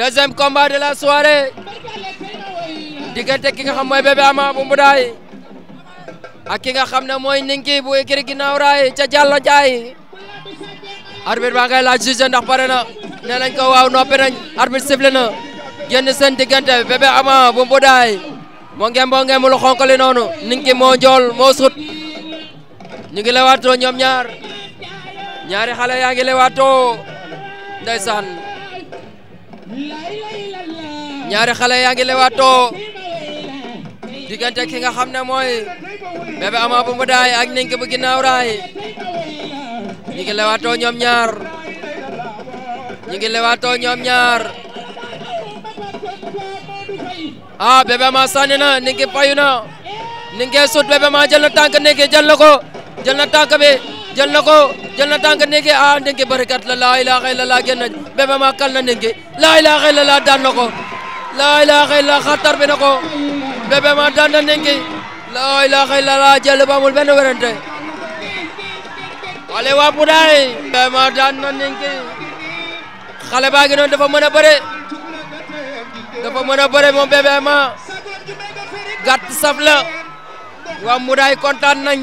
deuxième combat la soirée diggante ki nga xam mooy bébé ama bu mbudaay ki nga xam ne mooy ninki bu ikiri ginnaaw raay ca jàllo jaay arbitre baa ngay laaj juge ndax pare na ne nañ ko waaw noppi nañ arbitre sifflé na génn seen diggante ama bu moo ngem boo ngem lu xonk noonu ninki moo njool moo sut ñu ngi lewaatoo ñoom ñaar ñaari xale yaa ngi lewaatoo ndeysaan ñaari xale yaa ngi lewaatoo diggante ki nga xam ne mooy bébé ama bu mbudaay ak ninki bu ginnaaw raay ñi ngi lewaatoo ñoom ñaar ñi ngi lewaatoo ñoom ñaar ah bébé ama sànni na ninki payu na ninki sut bébé ama jël na tànk ninki jël ko jël na tànk bi jël na ko jël na tànk ndenge a ah, ndenge barikat la laa ilaaha illallah génn Bébé Ma kal na ndenge laa ilaaha illallah daan na ko laa ilaaha illallah xatar bi na ko daan na ndenge laa ilaaha illallah jël ba amul benn werante xale waa Poudaye Bébé Ma daan na ndenge xale baa ngi noonu dafa mën a bëre dafa mën a bëre moom Bébé Ma gàtt kontaan nañ